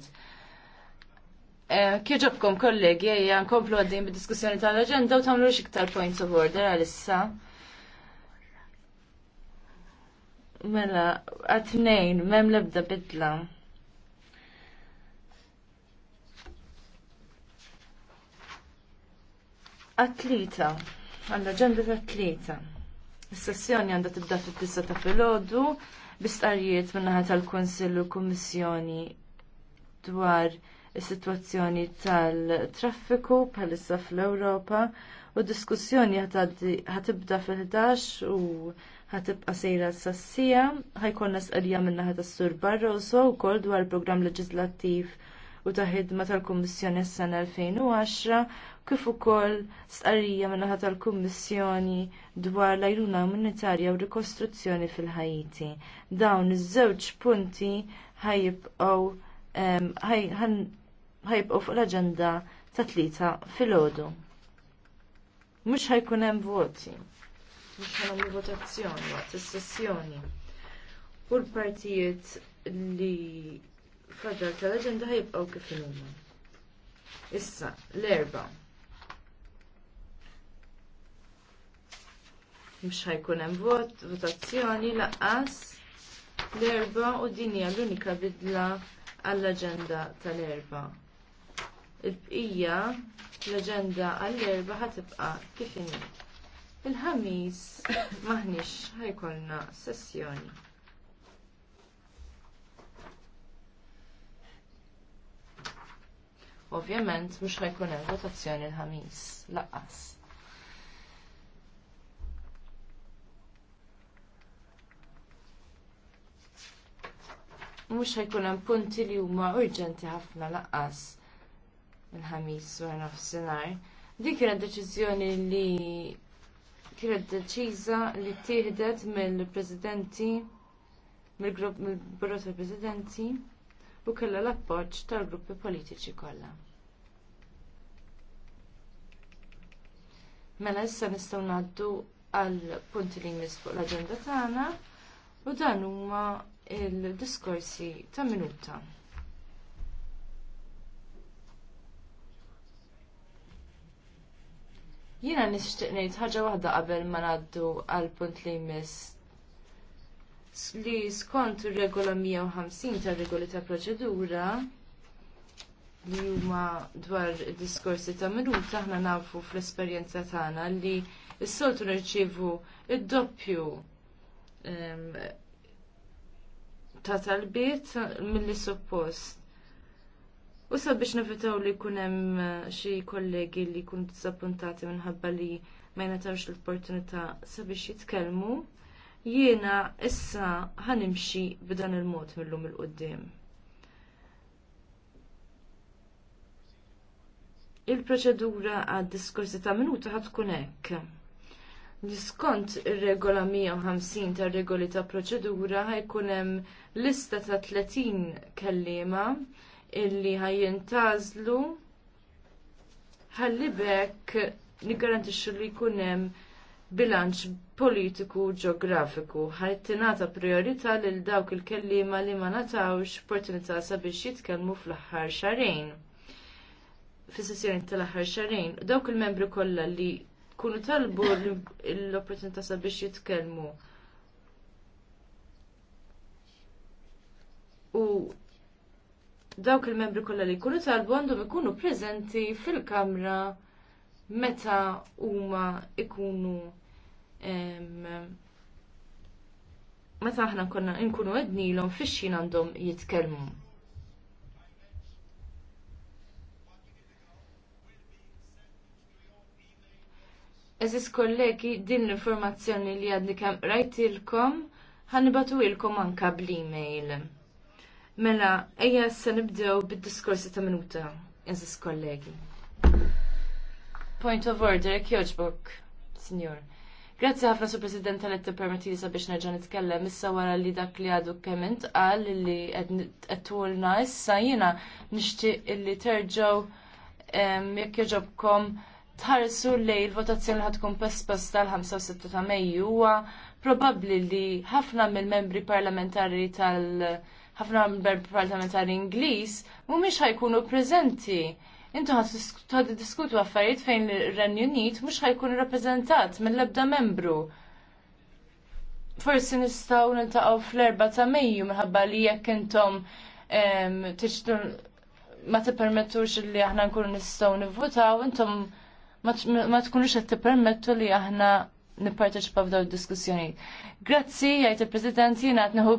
standards. Eh, kieġobkom kollegi, ejja nkomplu għaddim bid-diskussjoni tal-agenda u tamlu iktar points of order għalissa. Mela, għatnejn, mem lebda bidla. Atlita, għall-agenda ta' atlita. Is-sessjoni għandha tibda fit-tisa ta' filgħodu bistqarrijiet min-naħa tal-Kunsill u Kummissjoni dwar is-sitwazzjoni tal-traffiku bħalissa fl-Ewropa u diskussjoni ħatibda fil-11 u ħatibqa sejra s-sassija, ħajkonna s min minna ħat s-sur Barroso u kol dwar program leġislattiv u ta' ħidma tal-Kummissjoni s-sena 2010 kif ukoll stqarrija min-naħa tal-Kummissjoni dwar l-ajruna umanitarja u rikostruzzjoni fil-Ħajiti. Dawn iż-żewġ punti ħajibqgħu ħajbqgħu fuq l-aġenda ta' fil filgħodu. Mhux ħajkun hemm voti. Mhux ħanamlu votazzjoni waqt is-sessjoni. U l-partijiet li fadal tal-aġenda ħajbqgħu kif huma. Issa, l-erba. Mhux ħajkun hemm vot, votazzjoni, laqqas l-erba u din hija l-unika bidla għall-aġenda tal-erba. Il-bqija l-aġenda għall-erba ħatibqa kif inhi. Il-ħamis maħniex ħajkolna sessjoni. Ovvjament mhux ħajkun hemm votazzjoni l-ħamis laqqas. mhux ħajkun hemm punti li huma urġenti ħafna laqqas il-ħamis wara nofsinhar. Dik kienet deċiżjoni li kienet deċiża li tieħdet mill-presidenti mill-grupp mill burro tal-Presidenti u kellha l-appoġġ tal-gruppi politiċi kollha. Mela issa nistgħu ngħaddu għal punti li jmiss fuq l-aġenda tagħna u dan huma il-diskorsi ta' minuta. Jiena nixtieq ngħid ħaġa waħda qabel ma ngħaddu għal punt li jmiss li skont ir-regola 150 tar-regoli ta' proċedura li huma dwar id diskorsi ta' minuta aħna nafu fl-esperjenza tagħna li s-soltu nirċievu id-doppju ehm, ta' talbiet milli suppost. U sabiex nifitaw li jkun hemm eh, xi kollegi li jkunu disappuntati minħabba li ma jnatawx l-opportunità sabiex jitkellmu, jiena issa ħanimxi b'dan il-mod mill-lum il-qoddim. Il-proċedura għad diskorsi ta' minuta ħad tkun hekk. Skont ir-regola 150 tar regoli ta' proċedura ħajkun hemm lista ta' 30 kelliema illi ħajjintazlu ħalli bekk nigarantixxu li jkun hemm bilanċ politiku ġeografiku ħajtinata priorità lil dawk il-kelliema li ma natawx opportunità sabiex jitkellmu fl-aħħar xarejn. Fis-sessjoni tal-aħħar xarejn, dawk il-membri kollha li kunu talbu l-opportunità sabiex jitkellmu. U dawk il-membri kollha li jkunu talbu għandhom ikunu preżenti fil-kamra meta huma ikunu meta aħna konna nkunu għednilhom fix-xin għandhom jitkellmu. Eżis kollegi, din l-informazzjoni li għadni kam rajtilkom, ħanibatu ilkom anka bl-email. Mela, eja se nibdew bid-diskorsi ta' minuta, eżis kollegi. Point of order, kjoġbok, signor. Grazzi ħafna su President għal t permetti li sabiex nerġa' nitkellem issa wara li dak li għadu kement qal li qed tulna issa jiena nixtieq li terġgħu jekk joġobkom tħarsu li il-votazzjoni ħad tkun pespas tal-5-6 ta' Mejju huwa probabbli li ħafna mill-membri parlamentari tal- ħafna membri parlamentari Ingliż mhumiex ħajkunu preżenti. Intu ħad diskutu affarijiet fejn ir-Renju Unit mhux ħajkun rappreżentat mill-ebda membru. Forsi nistgħu niltaqgħu fl-erba ta' Mejju minħabba li jekk intom tiġdu ma tippermettux li aħna nkunu nistgħu nivvutaw intom ma tkunux qed tippermettu li aħna nipparteċipa f'daw id-diskussjoni. Grazzi, jgħid il-President jiena qed nħu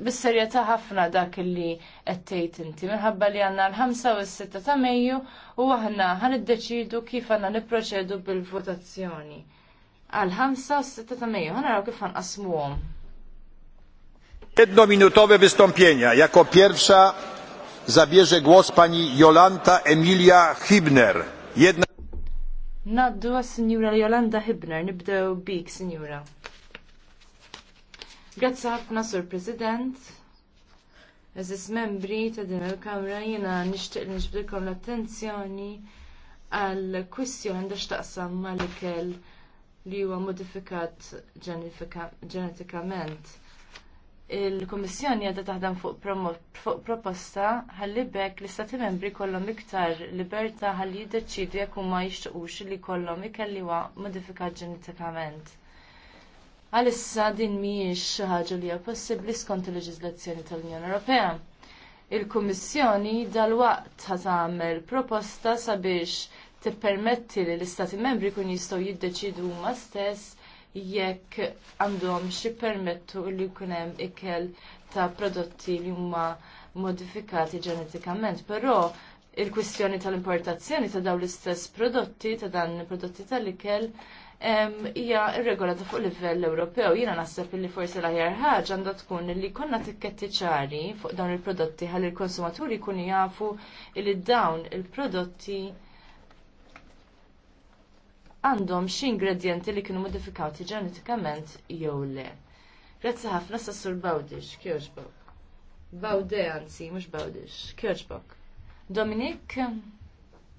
bis serjeta ħafna dak li qed tgħid inti minħabba li għandna l-5 u s-6 ta' Mejju u aħna deċidu kif għandna nipproċedu bil-votazzjoni. Għal 5 u s-6 ta' Mejju, ħanaraw kif Jedno minutowe wystąpienia. Jako pierwsza zabierze głos pani Jolanta Emilia Hibner. Jedna... Naddu għas-Sinjura Jolanda Hibner, nibdew bik, Sinjura. Grazzi ħafna, Sur President. Eżis membri ta' din il-kamra jena nishtiq nġbdilkom l-attenzjoni għal kwistjoni da x'taqsam mal-ikel li huwa modifikat ġenetikament il-Komissjoni għadha taħdem fuq proposta ħalli bekk l-Istati membri kollhom iktar libertà ħalli jiddeċidu jekk huma jixtiequx li jkollhom ikelliwa modifikat ġenetikament. Għalissa din mhijiex xi ħaġa li hija possibbli skont il-leġiżlazzjoni tal-Unjoni Ewropea. Il-Kummissjoni dalwaqt ħa tagħmel proposta sabiex tippermetti li l-Istati membri kun jistgħu jiddeċidu huma stess jekk għandhom xi permettu li jkun hemm ikel ta' prodotti li huma modifikati ġenetikament, però il-kwistjoni tal-importazzjoni ta' dawn l-istess prodotti, ta' dan prodotti tal-ikel, hija irregolata fuq livell Ewropew. Jiena naħseb li forsi l-aħjar ħaġa għandha tkun li konna tikketti ċari fuq dawn il-prodotti ħalli il konsumaturi jkunu jafu li dawn il-prodotti il prodotti għandhom xi ingredienti li kienu modifikati ġenetikament jew le. Grazzi ħafna sassur Bawdix, Kirchbok. Bawde anzi, mhux Bawdix, Kirchbok. Dominik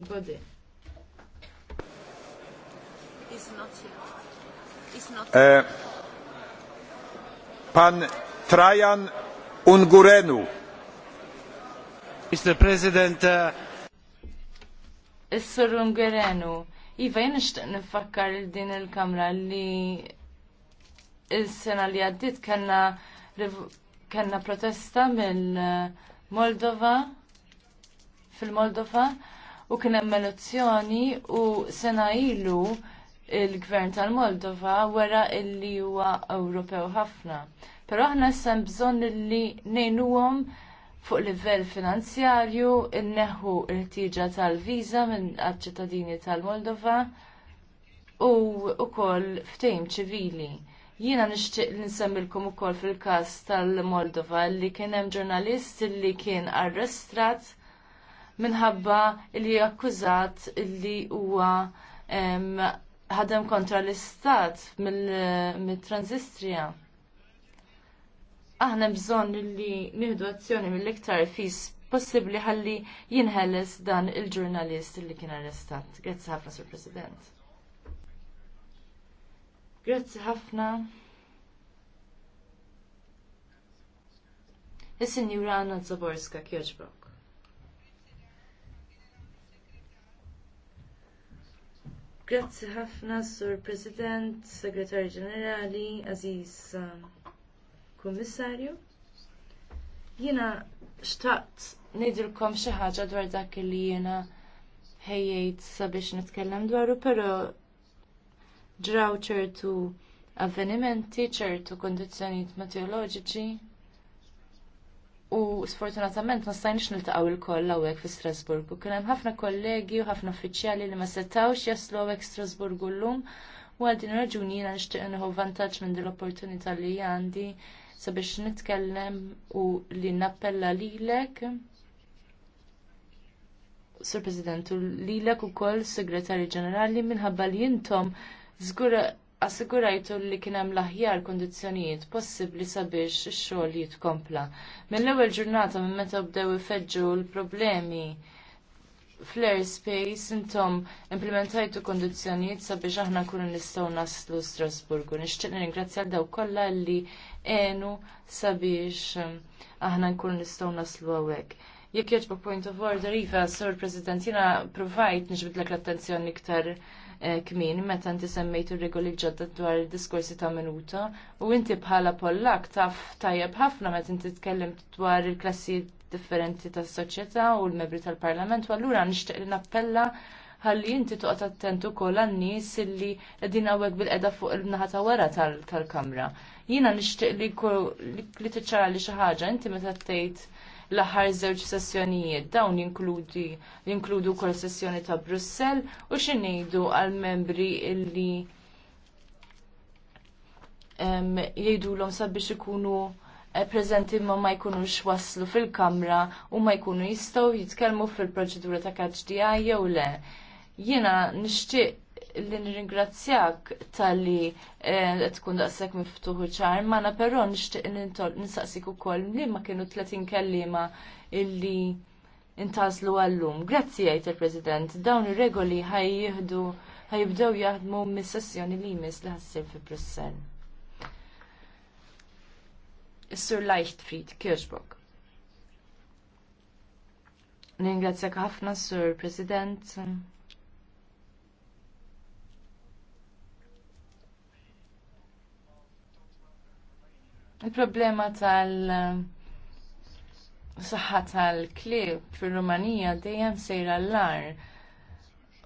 Bode. not here. not here. Eh, pan Trajan Ungurenu. Mr. President. Uh... Is-Sur Ungurenu. Iva, jen nishtiq nifakkar din il-kamra li il-sena li għaddit kanna, kanna protesta mill-Moldova, fil-Moldova, u kien hemm u sena ilu il-gvern tal-Moldova il-li huwa Ewropew ħafna. Però aħna sem bżonn li ngħinuhom fuq livell finanzjarju inneħu il-tieġa tal-viza minn ċittadini tal-Moldova u wkoll ftejm ċivili. Jiena nixtieq li nsemmilkom ukoll fil-każ tal-Moldova li kien hemm ġurnalist li kien arrestrat minħabba li akkużat li huwa ħadem kontra l-istat mill-Transistria. Mil aħna bżonn li nieħdu azzjoni mill-iktar fis possibbli ħalli jinħeles dan il-ġurnalist li kien arrestat. Grazzi ħafna, Sur President. Grazzi ħafna. Is-Sinjura Zaborska kjoġbok. Grazzi ħafna, Sur President, Segretari Ġenerali, Aziz um, Kummissarju. Jiena xtaqt ngħidilkom xi ħaġa dwar dak li jiena ħejjejt sabiex nitkellem dwaru, però ġraw ċertu avvenimenti, ċertu kondizzjonijiet meteoroloġiċi. U sfortunatament ma stajniex niltaqgħu lkoll koll hawnhekk fi Strasburgu. Kien hemm ħafna kollegi u ħafna uffiċjali li ma setawx jaslu hawnhekk Strasburgu llum u għal din raġuni jiena nixtieq nħu vantaġġ minn din l-opportunità li għandi sabiex nitkellem u li nappella lilek. Sur President, u lilek ukoll Segretarju Ġenerali minħabba li jintom assigurajtu li kien hemm l-aħjar kundizzjonijiet possibbli sabiex ix-xogħol jitkompla. Mill-ewwel ġurnata minn meta bdew ifeġġu l-problemi fl space intom implementajtu kondizjonijiet sabiex aħna nkunu nistgħu naslu Strasburgu. Nixtieq l daw kollha li enu sabiex ehm, aħna nkun nistgħu naslu hawnhekk. Jekk jogħġbok point of order, iva, Sur President, jiena provajt niġbidlek l-attenzjoni iktar eh, kmin, meta inti semmejt ir-regoli ġodda dwar id diskorsi ta' minuta, u inti bħala Pollak taf tajjeb ħafna meta inti tkellem dwar il klassi differenti tas soċjetà u l-membri tal-Parlament, u allura nixtieq nappella ħalli inti toqgħod attent ukoll għan-nies illi qegħdin hawnhekk bil qiegħda fuq il-naħa ta' wara tal-kamra. Jiena nixtieq li tiċċara li xi ħaġa inti meta tgħid l-aħħar żewġ sessjonijiet dawn jinkludi jinkludu wkoll sessjoni ta' Brussell u ngħidu għall membri illi jgħidulhom sabiex ikunu eh, prezenti ma ma jkunux waslu fil-kamra u ma jkunu jistgħu jitkellmu fil-proċedura ta' kaċ jew le. Jiena nixtieq li nirringrazzjak tal-li qed eh, tkun daqshekk miftuħ ċar, mana però nixtieq nistaqsik ukoll li ma kienu 30 kellima illi intazlu għallum. Grazzi jgħid il-President, dawn ir-regoli ħajjieħdu ħajibdew jaħdmu mis-sessjoni li jmiss li ħassir fi Brussel. Is-Sur Leichtfried Kirchbock. Ningrazzjak ħafna, Sur President. Il-problema tal- eh, saħħa tal-klib fir-Rumanija dejjem sejra l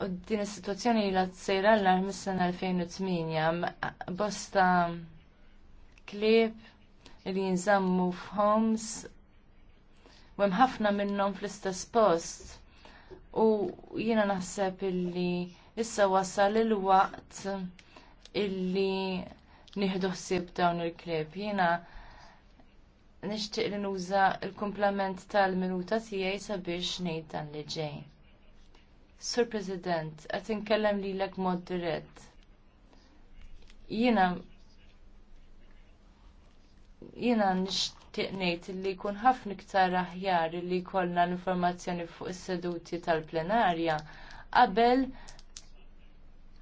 U din is-sitwazzjoni li sejra l mis-sena 2008 bosta klib li jinżammu f'Homs u hemm ħafna minnhom fl-istess post. U jiena naħseb illi issa wasal il-waqt illi nieħdu ħsieb dawn il klieb Jiena nixtieq li nuża l-komplement tal-minuta tiegħi sabiex ngħid dan li ġej. Sur President, qed inkellem lilek mod dirett. Jiena jiena nixtieq ngħid li jkun ħafna iktar aħjar li jkollna l-informazzjoni fuq is-seduti tal-plenarja qabel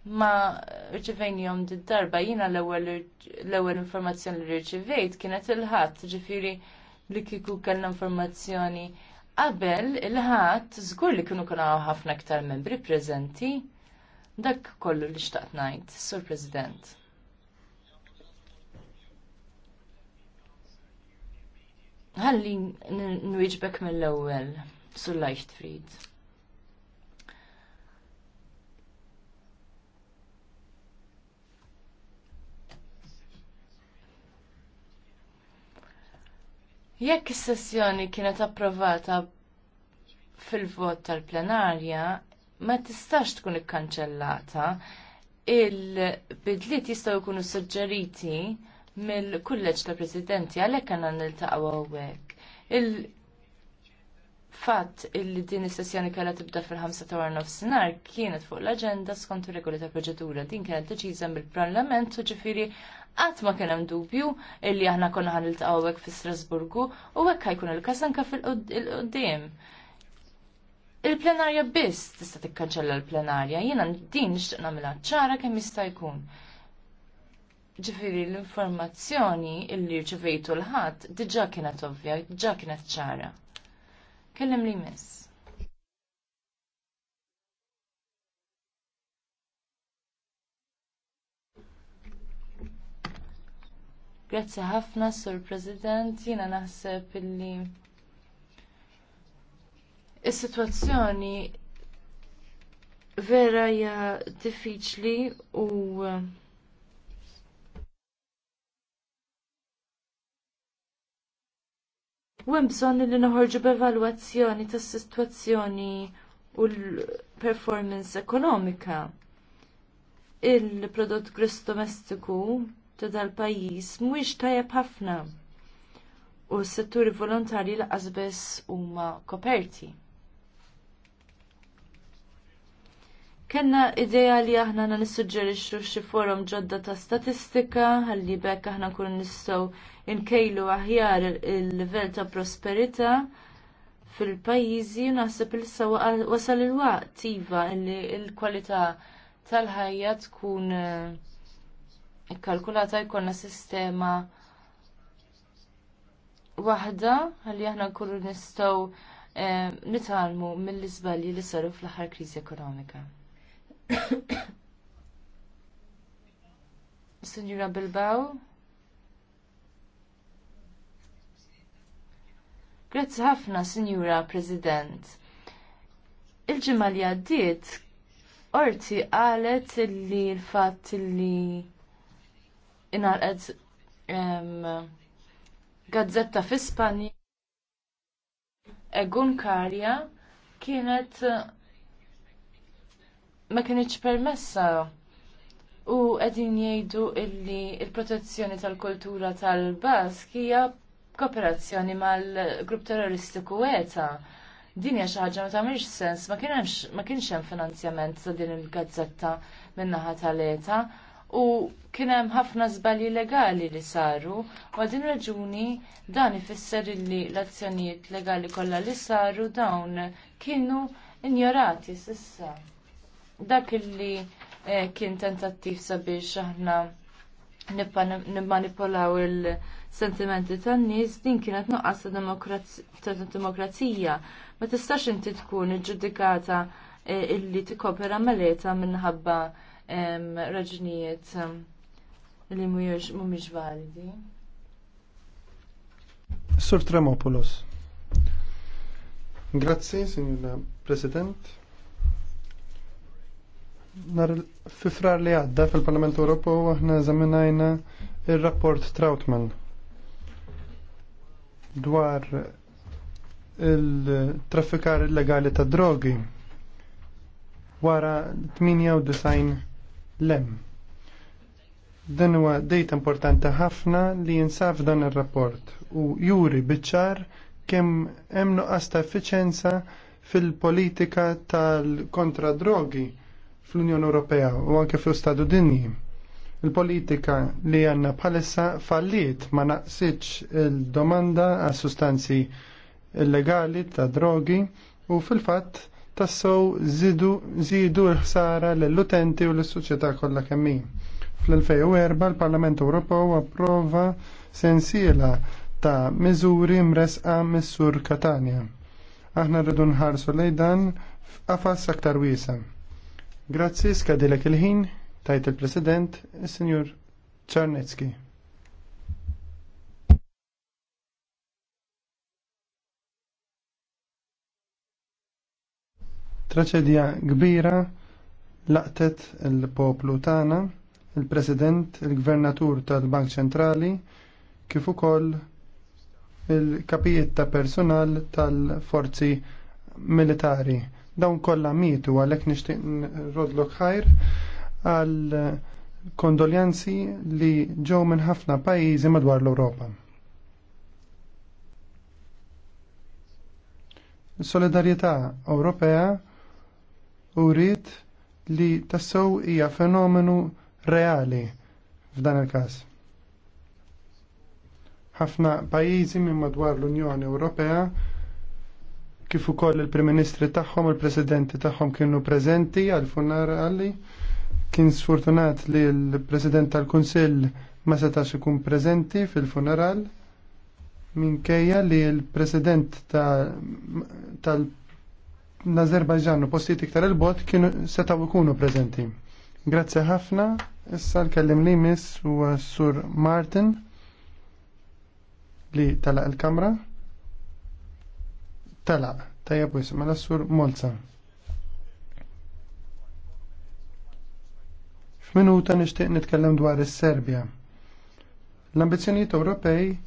ma jom darba jina l-ewel informazzjoni li rċivejt kienet il-ħat, ġifiri li kiku kellna informazzjoni qabel il-ħat zgur li kienu kuna ħafna ktar membri prezenti dak kollu li xtaqt najt, Sur President. Ħalli nwieġbek mill-ewwel, Sur Leichtfried. Jekk is-sessjoni kienet approvata fil-vot tal-plenarja, ma tistax tkun ikkanċellata. Il-bidliet jistgħu jkunu suġġeriti mill-kulleġġ tal presidenti għalhekk għandna niltaqgħu hawnhekk. Il-fatt li din is-sessjoni kellha tibda fil-5 ta' wara nofsinhar kienet fuq l-aġenda skont ir-regoli ta' proċedura. Din kienet deċiża mill-Parlament u ġifieri Qatt ma kien hemm dubju illi aħna konna il hekk fi Strasburgu u hekk ħajkun il-każ anke fil qoddim Il-plenarja biss tista' tikkanċella l-plenarja, jiena din nixtieq nagħmilha ċara kemm jista' jkun ġifiri l-informazzjoni illi rċevejtu l-ħadd diġà kienet ovvja, diġà kienet ċara. Kellem li miss. Grazzi ħafna, Sur President, jiena naħseb illi il sitwazzjoni vera hija diffiċli u U hemm bżonn li nħorġu b'evalwazzjoni tas-sitwazzjoni u l-performance ekonomika. Il-prodott gris domestiku ta' dal-pajjiż mhuwiex tajjeb ħafna u s-setturi volontarji laqas biss huma koperti. Kenna ideja li aħna na nissuġġerixxu xi forum ġodda ta' statistika ħalli bekk aħna nkunu nistgħu nkejlu aħjar il-livell ta' prosperità fil-pajjiżi u naħseb il issa wasal il-waqt iva li l-kwalità tal-ħajja tkun eh, ikkalkulata jkollna sistema waħda għalli aħna nkunu nistgħu nitgħalmu eh, nitalmu mill-iżbalji li saru fl-aħħar kriżi ekonomika. Sinjura Bilbao. Grazzi ħafna, Sinjura President. Il-ġimgħa li għaddiet, orti qalet li l fat li inarqed gazzetta fi Spanja Egun Karja kienet ma kienx permessa u qegħdin jgħidu illi il-protezzjoni tal-kultura tal-Bask hija kooperazzjoni mal-grupp terroristiku ETA din hija xi ħaġa ma tagħmilx sens, ma kienx hemm finanzjament sa' din il-gazzetta min-naħa tal-ETA u kien hemm ħafna żbalji legali li saru u għadin raġuni dan ifisser li l-azzjonijiet legali kollha li saru dawn kienu injorati s'issa. Dak li eh, kien tentattiv sabiex aħna nimmanipolaw il-sentimenti tan-nies din kienet nuqqas ta' demokrazija. Ma tistax inti tkun iġġudikata eh, illi tikkopera meleta minħabba raġunijiet li mumiġ validi. Sur Tremopoulos. Grazzi, signora President. Nar fifrar li għadda fil-Parlament Ewropew aħna eżaminajna ir-rapport Trautman dwar il-traffikar illegali ta' drogi wara 98 l Dan huwa dejt importanti ħafna li jinsaf dan ir-rapport u juri biċċar kemm hemm nuqqas ta' effiċenza fil-politika tal-kontra drogi fl-Unjoni Ewropea u anke fl-Istadu Dinji. Il-politika li għanna bħalissa falliet ma naqsitx il-domanda għas sustanzi illegali ta' drogi u fil-fatt tassow zidu l-ħsara l-utenti u l-soċjetà kollha kemm Fl-2004 l-Parlament Ewropew approva sensiela ta' miżuri mresqa mis-sur Katania. Aħna rridu nħarsu lejdan dan f'qafas aktar wiesa. Grazzi skadilek il-ħin, tajt il-President, il-Sinjur Czarnecki. Traċedja kbira laqtet il-poplu tagħna, il-President, il-Gvernatur tal-Bank Ċentrali, kif ukoll il-kapijiet ta' personal tal-forzi militari. Dawn kollha mitu għalhekk nixtieq nrodlok ħajr għal kondoljanzi li ġew minn ħafna pajjiżi madwar l-Ewropa. Solidarjetà Ewropea u rrit li tassew hija fenomenu reali f'dan il-każ. Ħafna pajjiżi minn madwar l-Unjoni Ewropea kif ukoll il-Prim Ministri tagħhom u l-Presidenti tagħhom kienu preżenti għal funerali kien sfortunat li l-President tal-Kunsill ma setax ikun preżenti fil-funeral minkejja li l-President tal-Parlament l-Azerbajġan u postijiet iktar il-bot kienu setaw ikunu preżenti. Grazzi ħafna, issa l-kellim li miss u Sur Martin li tala il-kamra. tajja bwis, ma mela l Sur Molza. F'minuta nixtieq nitkellem dwar is-Serbja. L-ambizzjonijiet Ewropej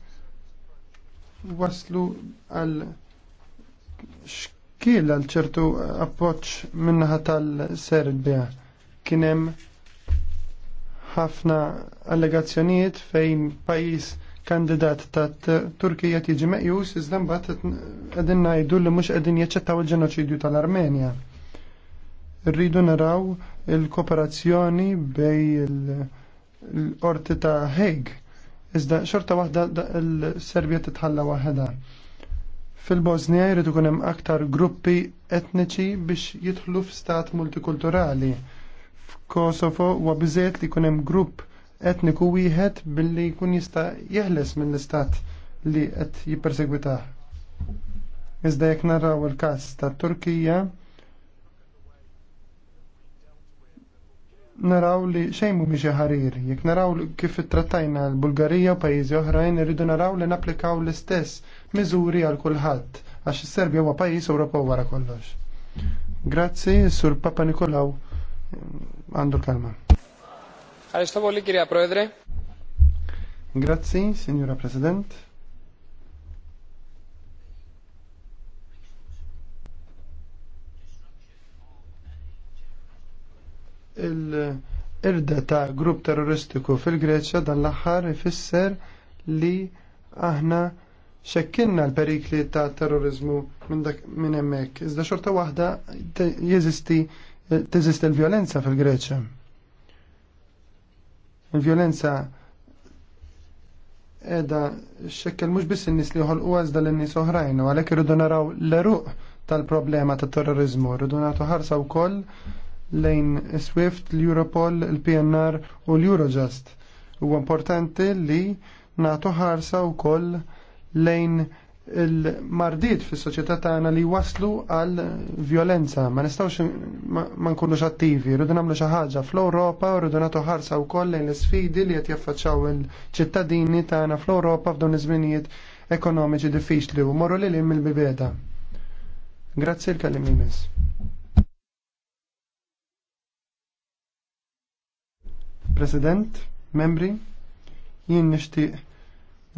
waslu għal kiel l ċertu appoċ minnaħa tal-Serbia. Kienem ħafna allegazzjonijiet fejn pajis kandidat ta' Turkija tiġi meqjus, iżda mbagħad qegħdin ngħidu li mhux qegħdin jaċċettaw il-ġenoċidju tal-Armenja. Rridu naraw il-kooperazzjoni bej l-qorti ta' Hague. Iżda xorta waħda il-Serbja titħalla waħda. Fil-Bosnija jridu kunem hemm aktar gruppi etniċi biex jidħlu f'stat multikulturali. F'Kosovo huwa biżejt li kunem hemm grupp etniku wieħed billi jkun jista' jeħles mill-istat li qed jippersegwitah. Iżda jekk naraw il-każ tat Turkija, naraw li xejn mhumiex xi ħarir, jekk naraw kif ittrattajna l-Bulgarija u pajjiżi oħrajn irridu naraw li napplikaw l-istess miżuri għal kulħadd għax is-Serbja huwa pajjiż Ewropa wara kollox. Grazzi, sur Papa Nikolaw għandu Kalma. kalma Għalistavo li kirja Proedre. Grazzi, Signora President. l irda ta' grupp terroristiku fil-Greċja dan l-aħħar ifisser li aħna xekkinna l-perikli ta' terrorizmu minn dak minn hemmhekk. Iżda xorta waħda jeżisti teżisti l-vjolenza fil-Greċja. Il-vjolenza edha xekkel mhux biss in-nies li jħolqu iżda lin nies oħrajn, u għalhekk irridu naraw l-eruq tal-problema tat terrorizmu, rridu nagħtu ħarsa wkoll lejn Swift, l-Europol, l-PNR u l-Eurojust. U importanti li nagħtu ħarsa wkoll lejn il-mardit fis soċjetà tagħna li waslu għal violenza. Ma nistgħux ma nkunux attivi, rridu nagħmlu xi ħaġa fl-Ewropa u rridu nagħtu ħarsa wkoll lejn l-isfidi li qed jaffaċċaw il-ċittadini tagħna fl-Ewropa f'dawn iż-żminijiet ekonomiċi diffiċli u morru lil mill-bibeta. Grazzi l-kellim imiss. President, membri, jien nixtieq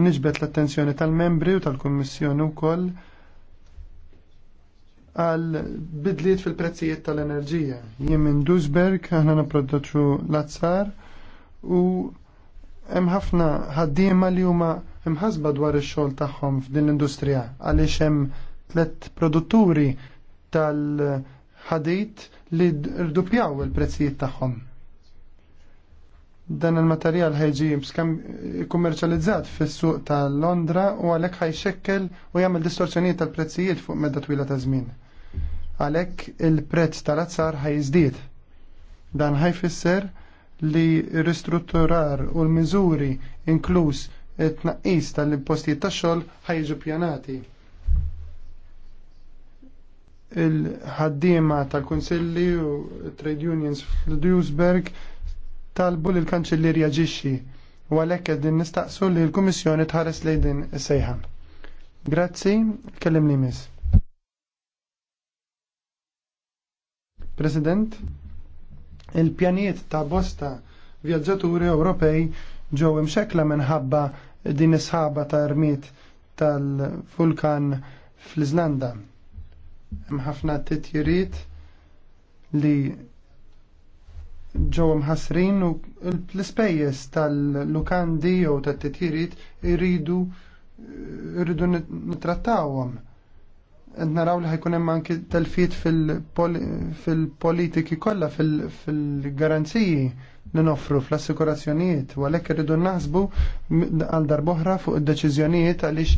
nixbet l-attenzjoni tal-membri u tal-Kummissjoni wkoll għal bidliet fil-prezzijiet tal-enerġija. Jien minn Duisberg, aħna nipproduċu l-azzar u hemm ħafna ħaddiema li huma imħasba dwar ix-xogħol tagħhom f'din l-industrija għaliex hemm tliet produtturi tal-ħadit li rdupjaw il-prezzijiet tagħhom dan il-materjal ħajġi kummerċalizzat fis-suq ta' Londra u għalhekk ħajxekkel u jagħmel distorsjonijiet tal-prezzijiet fuq medda twila ta' żmien. Għalhekk il-prezz tal-azzar ħajżdied. Dan ħajfisser li ristrutturar u l-miżuri inkluż it-tnaqqis tal-impostijiet tax-xogħol ħajġu pjanati. Il-ħaddiema tal-Kunsilli u trade unions fl-Duisburg talbu li l-kanċillir jaġixxi u għalhekk qegħdin nistaqsu li l-Kummissjoni tħares lejn din is-sejħa. Grazzi, kellim li miss. President, il pjaniet ta' bosta vjaġġaturi Ewropej ġew imxekla minħabba din is-sħaba ta' rmit tal-vulkan fl-Iżlanda. Hemm ħafna titjiriet li ġew mħassrin u l-ispejjeż tal-lukandi jew tat-titjiriet iridu irridu nittrattawhom. Qed naraw li ħajkun hemm anki telfiet fil-politiki kollha fil-garanziji li noffru fl-assikurazzjonijiet u għalhekk irridu naħsbu għal darb'oħra fuq id-deċiżjonijiet għaliex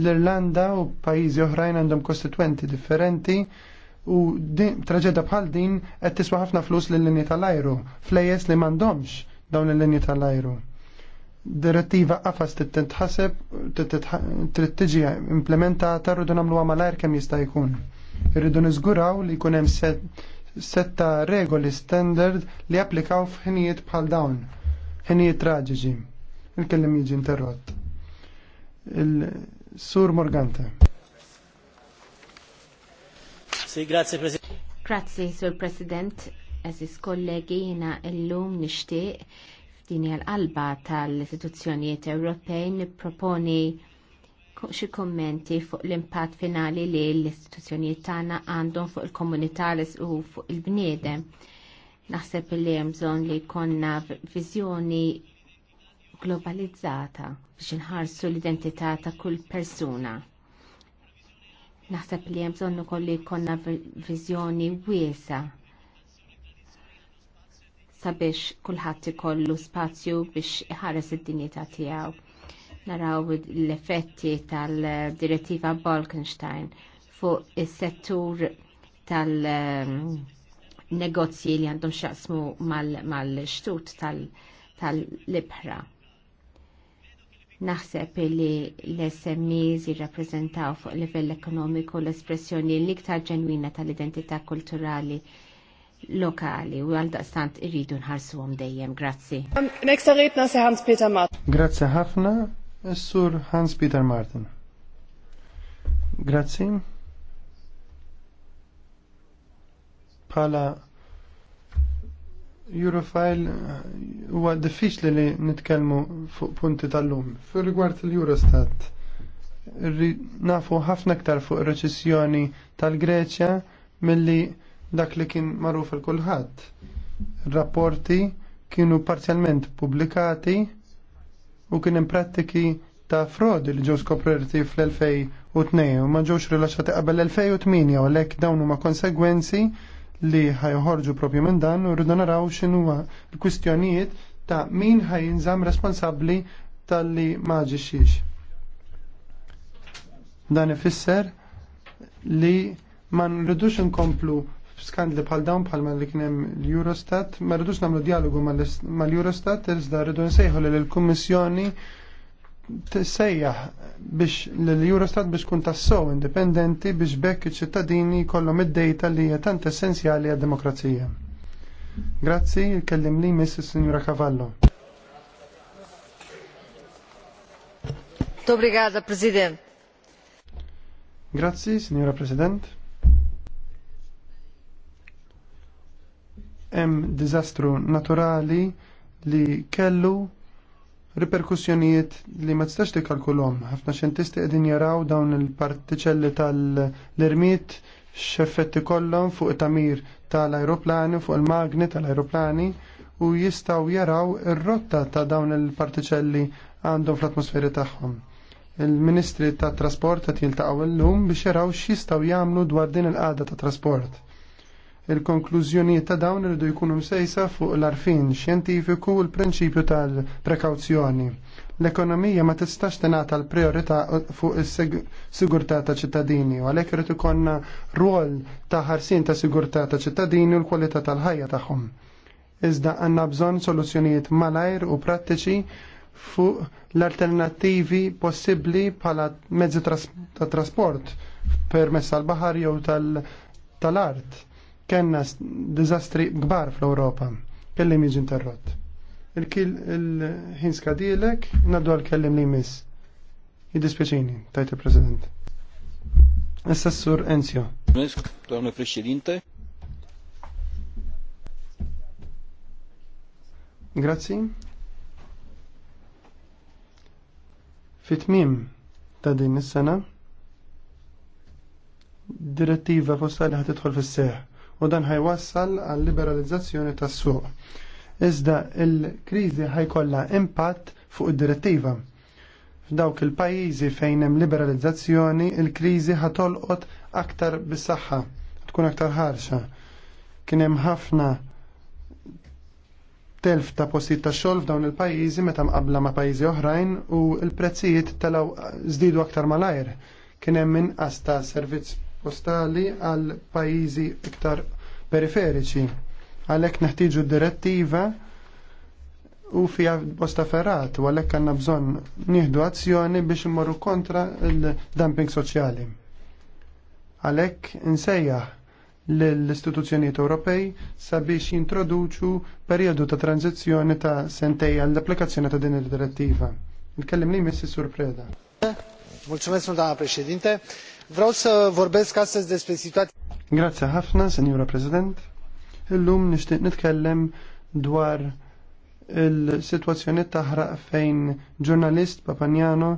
l-Irlanda u pajjiżi oħrajn għandhom kostitwenti differenti u traġedja bħal din qed tiswa ħafna flus lil linji tal-ajru, flejes li m'għandhomx dawn il-linji tal-ajru. Direttiva qafas titħaseb, trid tiġi implementata rridu nagħmluha malajr kemm jista' jkun. Irridu niżguraw li jkun hemm setta regoli standard li applikaw f'ħinijiet bħal dawn, ħinijiet traġiġi. Il-kellim jiġi interrott. Il-Sur Morgante grazie Presidente. Grazie, Sur President. Aziz kollegi jina illum nishtiq f'dini għal-qalba tal-istituzzjonijiet Ewropej nipproponi xi kommenti fuq l-impatt finali li l-istituzzjonijiet tagħna għandhom fuq il-komunità u fuq il-bniedem. Naħseb li hemm bżonn li jkollna viżjoni globalizzata biex inħarsu l-identità ta' kull persuna Naħseb li hemm bżonn ukoll li jkollna viżjoni wiesa sabiex kulħadd ikollu spazju biex iħares id-dinjità tiegħu. Naraw l-effetti tal-direttiva Bolkenstein fuq is-settur tal-negozji ehm, li għandhom xaqsmu mal-xtut tal xtut tal Naħseb li l-SMEs jirrappreżentaw fuq livell ekonomiku l-espressjoni l-iktar ġenwina tal-identità kulturali lokali u għal daqstant irridu nħarsuhom dejjem. Grazzi. Next rritna se Hans Peter Martin. Grazzi ħafna, s-sur Hans Peter Martin. Grazzi. Pala Eurofile uh, huwa diffiċli li nitkellmu fuq punti tal-lum. Fur rigward l-Eurostat, nafu ħafna aktar fuq reċessjoni tal-Greċja milli dak li kien magħruf il kulħadd. Rapporti kienu parzjalment pubblikati u kien hemm prattiki ta' frodi li ġew skoperti fl-2002 u ma ġewx rilaxxati qabel l-2008 u lek dawn huma konsegwenzi li ħajħorġu propju minn dan u rridu naraw x'inhuwa l-kwistjonijiet ta' min ħajinżam responsabbli tal-li ma Dan ifisser li ma rridux nkomplu skandli bħal dawn bħal li kien hemm l-Eurostat, ma rridux nagħmlu dialogu mal-Eurostat, iżda rridu nsejħu lill-Kummissjoni tissejjaħ biex l-Eurostat biex kun tassow indipendenti biex bekk iċ-ċittadini kollom id-dejta li hija tant essenzjali għad-demokrazija. Grazzi, kellim li miss signora Cavallo. Obrigada, President. Grazzi, signora President. Hemm diżastru naturali li kellu riperkussjonijiet li ma tistax tikkalkulhom. Ħafna xjentisti qegħdin jaraw dawn il-partiċelli tal-ermit x'effetti kollhom fuq it-tamir tal-ajruplani, fuq il-magni tal-ajruplani u jistaw jaraw ir-rotta ta' dawn il-partiċelli għandhom fl-atmosferi tagħhom. Il-Ministri ta' Trasport qed jiltaqgħu llum biex jaraw x'jistgħu jagħmlu dwar din il-qagħda ta' trasport. Il-konklużjonijiet ta' dawn irridu jkunu msejsa fuq l-arfin xjentifiku u l-prinċipju tal-prekawzjoni. L-ekonomija ma tistax tingħata l-priorità fuq is-sigurtà ta' ċittadini u għalhekk irid ikollna rwol ta' ħarsien ta' sigurtà ta' ċittadini u l-kwalità tal-ħajja tagħhom. Iżda għandna bżonn soluzzjonijiet malajr u prattiċi fuq l-alternattivi possibbli bħala mezzi ta' trasport permess tal-baħar jew tal-art. tal art Kenna dizastri kbar fl-Europa. kelli jiġi interrott. Il-ħin skadilek, naddu għal-kellim li jmiss. Jidispieċini, tajt il-President. Assessur Enzio. Mesk, doamnă președinte. Grazzi. fit ta' din is-sena direttiva postali ħat-tħol fis-seħ u dan ħajwassal għal liberalizzazzjoni tas-suq. Iżda il-kriżi ħajkolla impatt fuq id-direttiva. F'dawk il-pajjiżi fejn hemm liberalizzazzjoni, il-kriżi ħatolqot aktar bis-saħħa, tkun aktar ħarxa. Kien hemm ħafna telf ta' postijiet ta' xogħol f'dawn il-pajjiżi meta mqabbla ma' pajjiżi oħrajn u l-prezzijiet telgħu żdiedu aktar malajr. Kien hemm inqas ta' servizz postali għal pajizi iktar periferiċi. Għalek neħtiġu direttiva u fija bosta ferrat u għalhekk għandna bżonn nieħdu azzjoni biex immorru kontra il-dumping soċjali. Għalhekk insejja l-istituzzjonijiet Ewropej sabiex jintroduċu perjodu ta' tranzizzjoni ta' sentej għall-applikazzjoni ta' din id direttiva Il-kellim li missi surpreda. Mulțumesc, da' președinte. Vreau să vorbesc astăzi despre situația... Grazie ħafna, Senjura President. Illum nixtieq nitkellem dwar il-sitwazzjoni taħraq fejn ġurnalist Papanjano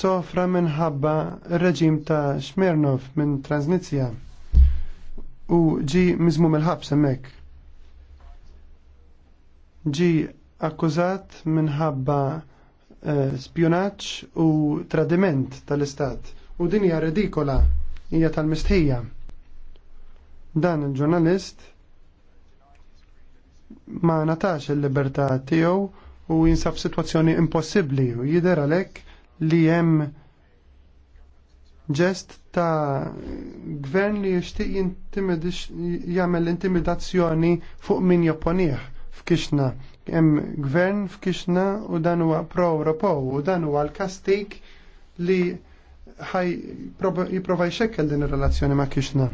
sofra minħabba r-reġim ta' Smirnov minn Transnizja u ġi miżmu mill-ħabs hemmhekk. Ġi akkużat minħabba eh, spionaċ u tradiment tal-istat u din hija redikola hija tal-mistħija. Dan il-ġurnalist ma natax il-libertà tiegħu u jinsab situazzjoni impossibbli u jidher għalhekk li hemm ġest ta' gvern li jixtieq jagħmel intimidazzjoni fuq min jopponih f'Kixna. Hemm gvern f'Kixna u dan huwa pro-Europew u dan huwa l-kastik li ħaj jiprofa jxekkel din ir-relazzjoni ma' Kishna.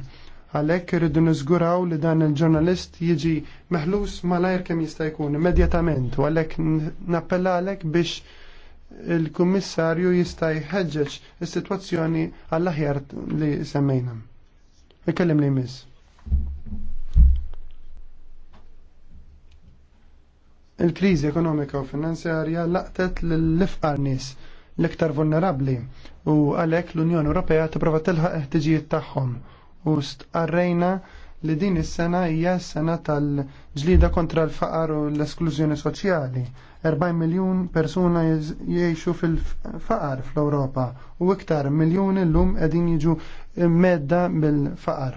Għalhekk irridu niżguraw li dan il-ġurnalist jiġi meħlus malajr kemm jista' jkun immedjatament u għalhekk nappella għalhekk biex il-kummissarju jista' jħeġġeġ is-sitwazzjoni għall-aħjar li semmejna. Ikellim li jmiss. Il-kriżi ekonomika u finanzjarja laqtet l-ifqar nis l-iktar vulnerabli u għalhekk l-Unjoni Ewropea tipprova tilħaq ħtiġijiet tagħhom u stqarrejna li din is-sena hija s-sena tal-ġlida kontra l-faqar u l-esklużjoni soċjali. 40 miljun persuna jgħixu fil-faqar fl-Ewropa u iktar miljuni llum qegħdin jiġu medda bil-faqar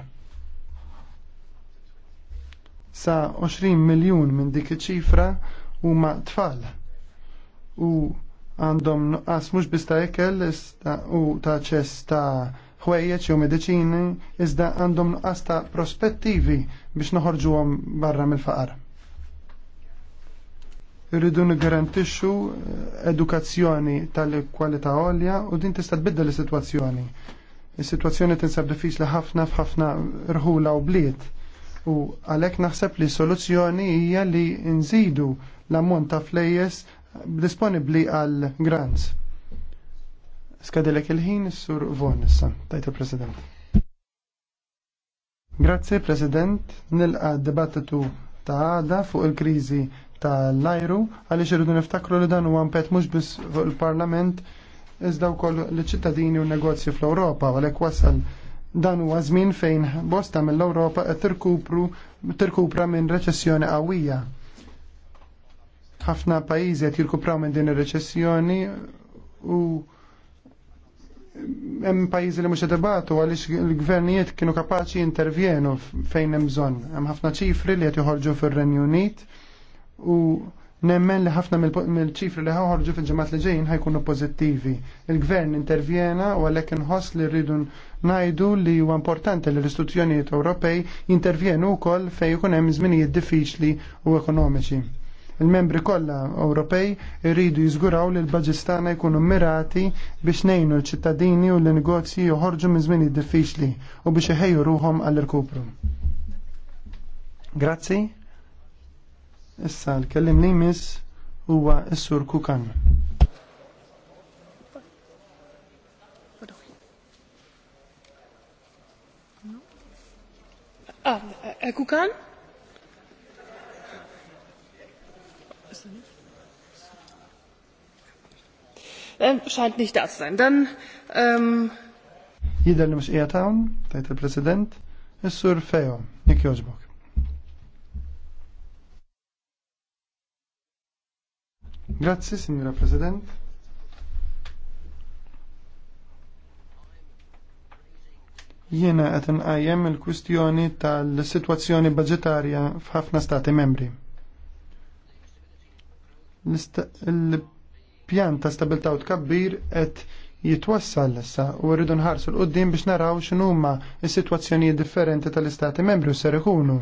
sa 20 miljun minn dik iċ-ċifra huma tfal. U għandhom nuqqas mhux biss ta' ekel u ta' ċess ta' ħwejjeġ jew mediċini, iżda għandhom nuqqas ta' prospettivi biex noħorġuhom barra mill-faqar. Irridu niggarantixxu eh, edukazzjoni tal-kwalità għolja u din tista' tbiddel is-sitwazzjoni. Is-sitwazzjoni tinsab diffiċli ħafna f'ħafna rħula u bliet. U għalhekk naħseb li soluzzjoni hija li nżidu l-ammont ta' flejjes disponibli għal grants. Skadilek il-ħin sur Von issa, tajt il-President. Grazzi President, nilqa dibattitu ta' għada fuq il-krizi tal-ajru għaliex irridu niftakru li dan huwa għampet mhux biss fuq il-Parlament iżda wkoll l-ċittadini u negozji fl-Ewropa għalhekk wasal dan huwa żmien fejn bosta mill-Ewropa qed tirkupra minn reċessjoni qawwija ħafna pajjiżi qed jirkupraw minn din ir-reċessjoni u hemm pajjiżi li mhux qed għaliex il-gvernijiet kienu kapaċi intervjenu fejn hemm bżonn. Hemm ħafna ċifri li qed joħorġu fir-Renju Unit u nemmen li ħafna mill-ċifri li ħorġu fil-ġemat li ġejjin ħajkunu pożittivi. Il-gvern intervjena u għalhekk inħoss li rridu ngħidu li huwa importanti li l-istituzzjonijiet Ewropej jintervjenu wkoll fejn ikun hemm żminijiet diffiċli u ekonomiċi. Il-membri kollha Ewropej irridu jiżguraw li l-budgets tagħna jkunu mirati biex ngħinu l-ċittadini u l-negozji joħorġu minn żmien diffiċli u biex iħejju ruhom għall-irkupru. Grazzi. Issa l-kellim li miss huwa s-sur Kukan. Ah, eh, Kukan? Ähm, scheint nicht das sein. Dann. ähm Jeder nimmt qiegħed Town, der Präsident, ist Sir Feo, Nick jekk Grazie, Grazzi, Signora President. Jiena qed inqajjem il-kwistjoni tal-sitwazzjoni budgetarja f'ħafna stati membri pjan ta' stabilta' u tkabbir qed jitwassal issa u rridu nħarsu l-qoddim biex naraw x'inhuma s-sitwazzjonijiet differenti tal-istati membri u ser ikunu.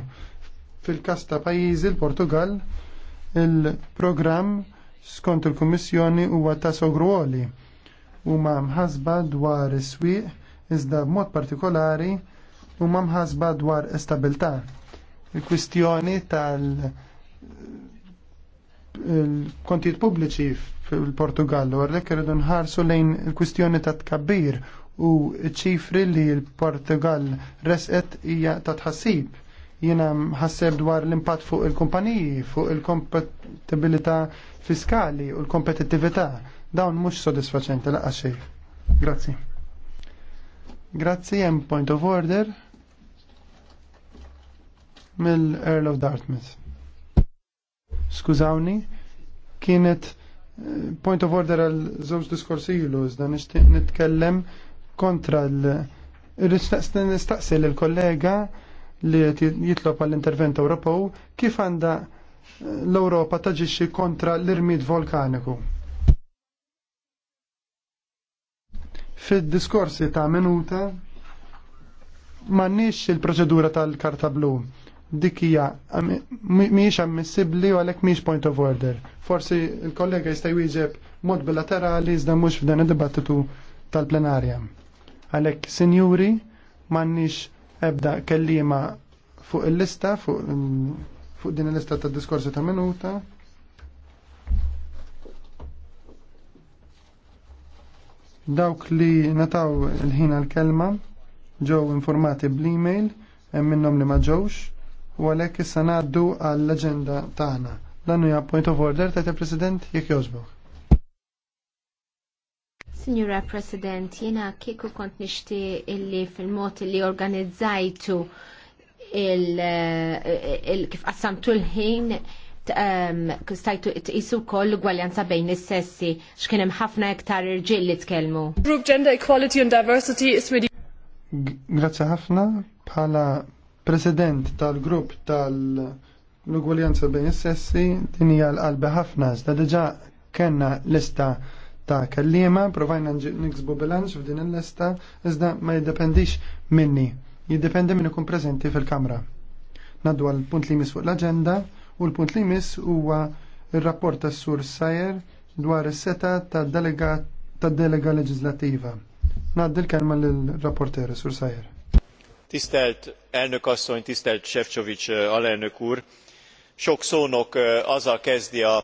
Fil-każ ta' pajjiżi l-Portugal, il-programm skont il-Kummissjoni huwa ta' sogruoli huma mħasba dwar is-swieq iżda b'mod partikolari huma mħasba dwar istabilta. Il-kwistjoni tal- il-kontijiet pubbliċi fil-Portugallu, għarlek irridu nħarsu lejn il-kwistjoni ta' tkabbir u ċifri li l-Portugal resqet hija ta' tħassib. Jiena ħasseb dwar l-impatt fuq il-kumpaniji, fuq il-kompatibilità fiskali u l-kompetittività. Dawn mhux sodisfaċenti laqgħa xejn. Grazzi. Grazzi hemm point of order mill-Earl of Dartmouth. Skużawni, kienet point of order għal żewġ diskorsi ilu, iżda nixtieq nitkellem kontra l nistaqsi l kollega li jitlob għall-intervent Ewropew kif għandha l-Ewropa taġixxi kontra l-irmid volkaniku. Fid-diskorsi ta' minuta m'għandniex il-proċedura tal-karta blu dik hija mhijiex ammissibbli u għalhekk miex point of order. Forsi il-kollega jista' jwieġeb mod bilaterali iżda mhux f'dan id-dibattitu tal-plenarja. Għalhekk, sinjuri, m'għandniex ebda kellima fuq il-lista, fuq, fuq din il-lista ta' diskorsi ta' minuta. Dawk li nataw il ħina l kelma ġew informati bl-email, hemm minnhom li ma ġewx u għalek issa ngħaddu għall agenda tagħna. Dan hija point of order ta' President jek jogħġbok. Signora President, jiena kieku kont nishti illi fil-mod li organizzajtu il kif għassamtu l-ħin kustajtu t-isu koll gwaljanza bejn is-sessi x'kienem ħafna iktar irġil li tkellmu. Group Gender Equality and Diversity is really Grazie ħafna bħala president tal-grupp tal-ugwaljanza bejn is-sessi din hija l-qalbi ħafna iżda diġà kellna lista ta' kellima, provajna niksbu bilanċ f'din il-lista, iżda ma jiddependix minni, jiddependi minn ikun preżenti fil-kamra. Naddu għal punt li jmiss fuq l-agenda u l-punt li jmiss huwa r-rapport tas-Sur Sajre rapport tas sur Sajer dwar is-seta tad-delega tad-delega leġislativa. ngħaddi l-kelma lill-rapporter, Sur Sajer tisztelt elnök asszony tisztelt sefcovic alelnök úr! sok szónok azzal kezdi a.